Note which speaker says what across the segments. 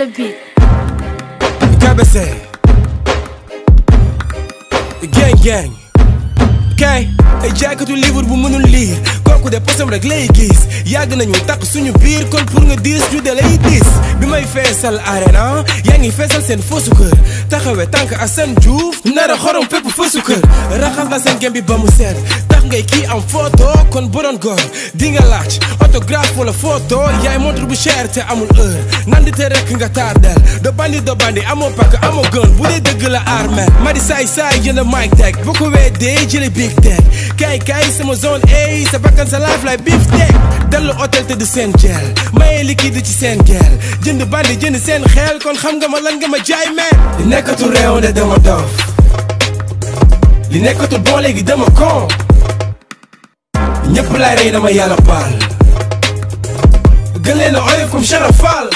Speaker 1: on the beat. Kabese. Gang gang. kay ay jaaykatu bu mënul liir kooku de posam rek lay gis yàgg nañu takk suñu biir kon pour nga diis ju de lay diis bi may feesal arena yaa ngi feesal seen foosu kër taxawee tànk Assane Diouf nar a xorom fépp fa sukkër raxas na seen gem ba mu seet tax ngay kii am photo kon bu doon góor di nga laaj autographe wala photo yaay montre bu cher te amul heure nandite rek nga tardel do bandi do bandi amoo pakk amoo gën bu dee dëgg la armée madi saay saay jënd mic teg boo ko weedee jële big teg kaay kaay sama zone A sa bakkan sa life lay beef teg dallu hôtel te du seen gel mayee liquide ci seen gel jënd bandi jënd seen ma lan nga nekkatul réew ne dama dof li nekkatul bon léegi dama kon ñëpp laay rey dama yàlla baal gën leen a oyof comme Chara Fall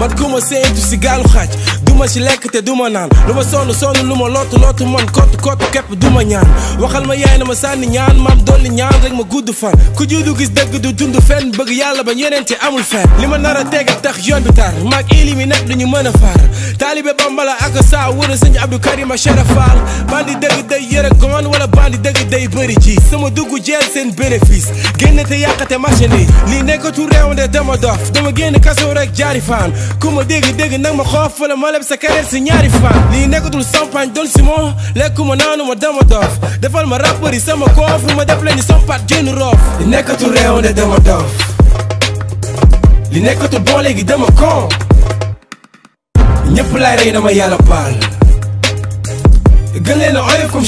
Speaker 1: Mas como maar tu dus ik duma si lekk te duma naan lu ma sonn sonn lu ma lootu lootu man kottu kottu képp duma ñaan waxal ma yaay na ma sànni ñaan maam dolli ñaan rek ma gudd fan ku juddu gis dëgg du dund fenn bëgg yàlla ba yeneen ci amul fenn li ma nar a teg ak tax yoon bi tar maag ili mi nag duñu mën a faar taalibe bambala ak saa wër sëñ Abdou Karim Cherafal bandi dëgg day yëre goon wala bandi dëgg day bëri ji sama dugg jeel seen bénéfice génn te yàqate machine lii nekkatu réew de dama dof dama génn kaso rek jaari faan ku ma dégg dégg nag ma xoof wala ma leb sa carrière si ñaari fan lii nekkatul champagne doon si moo lekkuma naanuma dama doof defal ma rappeur yi sama koof ma def leen ni sompat jénn roof li nekkatul réewande dama doof li nekkatul bon léegi dama kon ñëpp laay rey na ma yàlla gën leen a oyof comme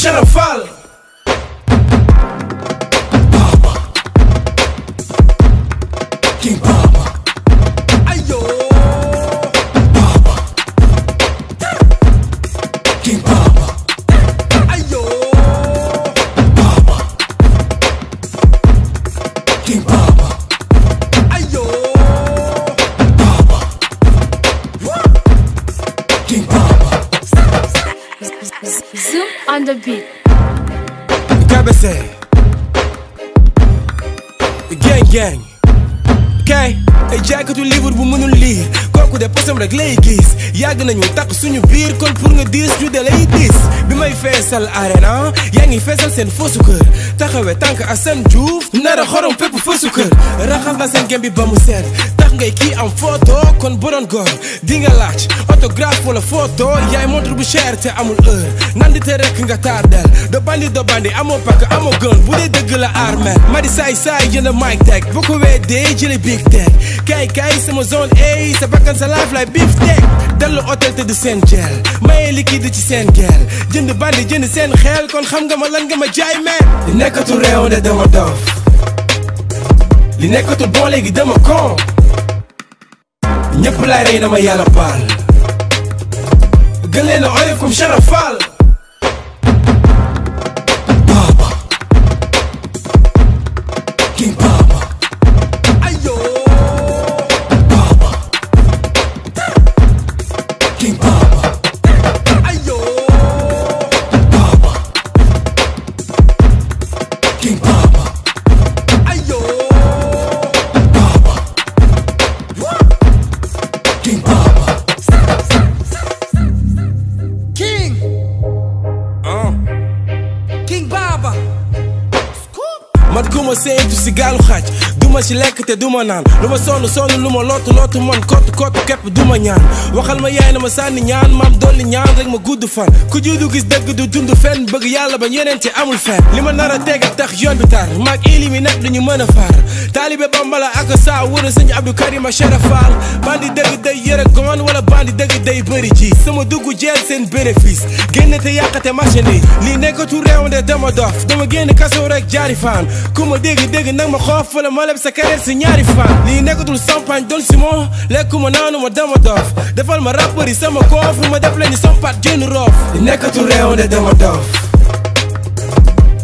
Speaker 1: Zoom on the beat. Kabese. Gang gang. Okay. jaay ko tu livre bu mënul lire kooku de posam rek lay gis yàgg nañu takk suñu biir kon pour nga diis ñu ladies. Be my face may feesal arena yaa face feesal seen foosu kër taxawee tànk ak seen juuf nar xorom fépp fa sukkër na seen gembi ba mu seet tax ngay kii am photo kon bu doon góor di nga laaj autographe wala photo yaay montre bu cher te amul heure nandite rek nga tardel do bandi do bandi amoo pak amoo gën bu dee dëgg la armel ma di saay saay jënd mic teg boo ko weedee jële big teg kay kay sama zone A sa bakkan sa life lay beef teg dellu hôtel te di seen gel maye liquide ci seen gel jënd bandi jënd seen xel kon xam nga ma lan nga ma jaay meen nekkatul réew ne dama dof li nekkatul bon léegi ma kon ñëpp laay rey dama yàlla baal gën leen a oyof comme Chara wat kuma se entu o rádio. duma ci lekk te duma naan lu ma sonn sonn lu ma lottu lottu man kott kott kep duma ñaan waxal ma yaay na ma sànni ñaan maam dolli ñaan rek ma gudd fan ku juudu gis dëgg du dund fenn bëgg yàlla ba ñeneen ci amul fenn li ma nar a teg ak tax yoon bi tar maag ilimi nag duñu mën a faar taalibe bambala ak saa wër sëñ Abdou karima Cherafal bandi dëgg day yëre gon wala bandi dëgg day bëri ji sama dugg jeel seen bénéfice génn te yàqate marché nii lii nekkatu réew dama dof dama génn kaso rek jaari faan ku ma dégg dégg nag ma xoof wala ma sa carrière si ñaari fan lii nekkatul champagne dolcimo lekkuma naanuma dama dof defal ma rappeur yi sama koofu ma def leen ni sompat génn roof li nekkatul réewande dama dof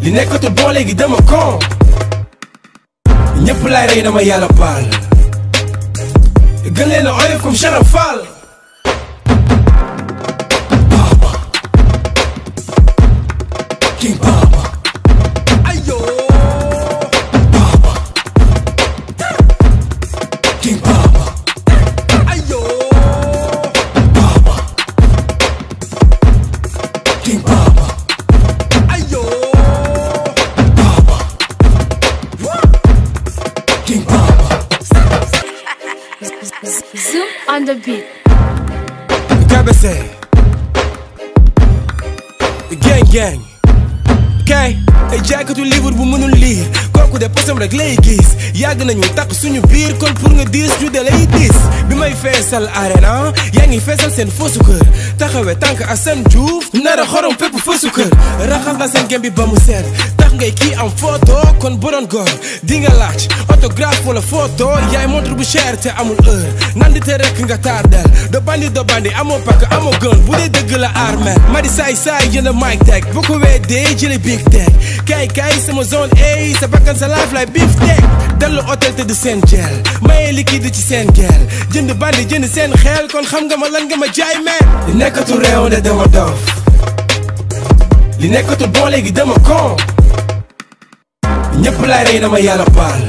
Speaker 1: li nekkatul bon léegi dama kon ñëpp laay rey dama yàlla baal gën leen a oyof comme Cheikh Fall Zoom on the beat. Kabese. The gang gang. Okay. Hey Jack, could you with woman who leave? kooku de posam rek lay gis yàgg nañu takk suñu biir kon pour nga diis ñu de lay diis bi may feesal arena yaa ngi feesal seen foosu kër taxawe tànk Assane Diouf nara xorom fépp foosu kër raxas na seen gem bi ba mu seet tax ngay kii am photo kon bu doon góor di nga laaj autographe wala photo yaay montre bu cher te amul heure nandi rek nga tardel do bandi do bandi amoo pakk amoo gën bu dee dëgg la armel madi saay saay jënd mic teg bu ko weddee jële big teg bakkan sa life lay biif teg dellu hôtel te di seen jeel ci seen geel jënd bandi jënd seen xeel kon xam nga ma lan nga ma jaay meen li nekkatu réew ne dama dof li nekkatu bon léegi dama kon ñëpp lay rey na ma yàlla baal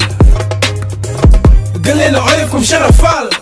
Speaker 1: gën leen a oyof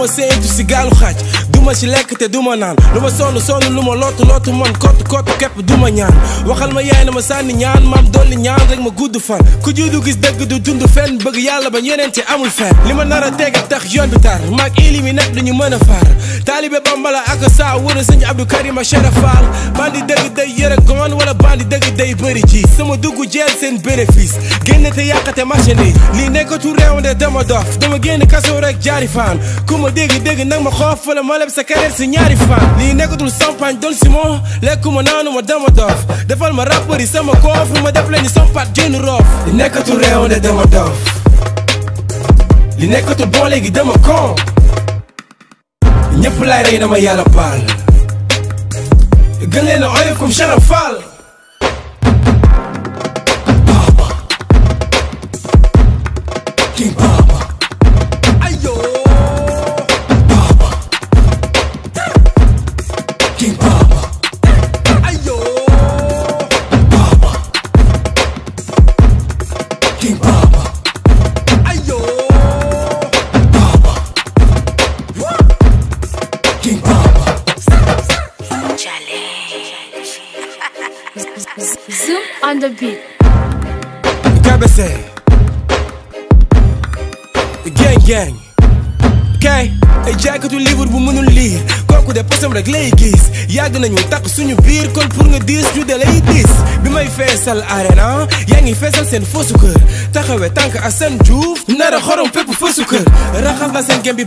Speaker 1: você entre o cigalo, rádio duma si lekk te duma naan lu ma sonn sonn lu ma lootu lootu man kott kott képp duma ñaan waxal ma yaay na ma sànni ñaan maam dolli ñaan rek ma gudd fan ku juudu gis dëgg du dund fenn bëgg yàlla bañ yeneen ci amul fenn li ma nar a teg tax yoon bi tar maag ili mi nag duñu mën a faar taalibe bambala ak saa wëra sëñ Abdou Karim ak Chérif Fall bandi dëgg day yëre goon wala bandi dëgg day bëri ji sama dugg jeel seen bénéfice génn te yàqate marché nii lii nekkatu réew de dama dof dama génn kaso rek jaari faan ku ma dégg dégg nag ma xoof wala ma leb sa carrière si ñaari fan lii nekkatul champagne doon si moo moom lekkuma naanuma dama doof defal ma rappeur yi sama koof ma def leen ni sompat jënd roof li nekkatul réewande dama doof li nekkatul bon léegi dama kon ñëpp laay rey dama yàlla baal gën leen a oyof comme Chara Zoom on the beat. Kabese. Gang gang. kay ay jaaykatu livre bu mënul liir kooku de posam rek lay gis yàgg nañu takk suñu biir kon pour nga diis ñu de lay diis bi may feesal arena yaa ngi feesal seen foosu taxawe tànk ak seen juuf xorom fépp foosu kër raxas na seen gem bi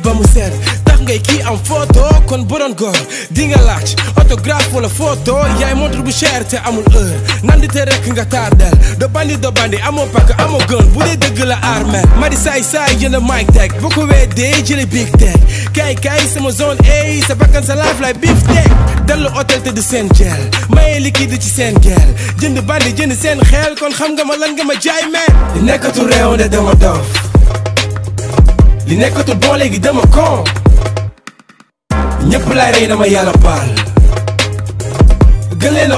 Speaker 1: ngay kii am photo kon bu doon góor di nga laaj autographe wala photo yaay montre bu cher te amul heure nandite rek nga tardel do bandi do bandi amoo pakk amoo gën bu dee dëgg la ma mari saay saay jënd mic teg boo ko weedee jële big teg kay sama zone a sa bakkan sa life lay beef teg dallu hôtel te di seen gel mayee liquide ci seen gel jënd bandi jënd seen xel kon xam nga ma lan nga ma jaay meen di nekkatu réew ne dama dof li ñëpp laay rey na ma yàlla baal gën leen a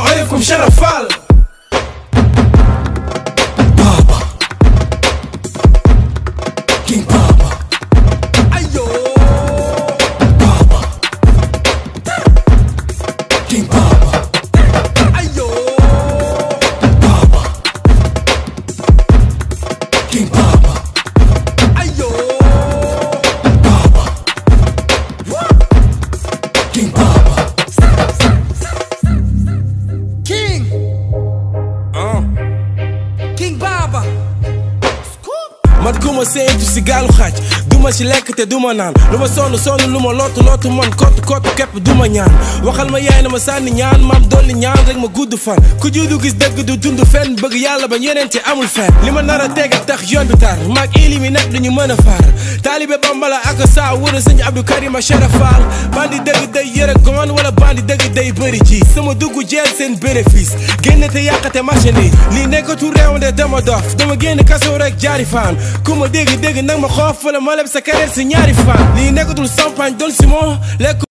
Speaker 1: Als je lekker te doen man aan Numa sonu sonu numa lotu lotu man Kotu kotu kep du ma ñaan waxal ma yaay na ma sànni ñaan maam dolli ñaan rek ma gudd fan ku juddu gis dëgg du dund fenn bëgg yàlla ba yeneen ci amul fenn li ma nar a tax yoon bi tar maag ili mi duñu mën a faar bambala ak saa wër sëñ Abdou Karim Cherafal bandi dëgg day yëre goon wala bandi dëgg day bëri ji sama dugg jeel seen bénéfice génn te yàqate marchandise lii nekkatu réew de dama dof dama génn kaso rek jaari faan ku ma dégg dégg ma xoof wala ma sa carrière si ñaari fan lii nekkatul champagne dolcimo lekk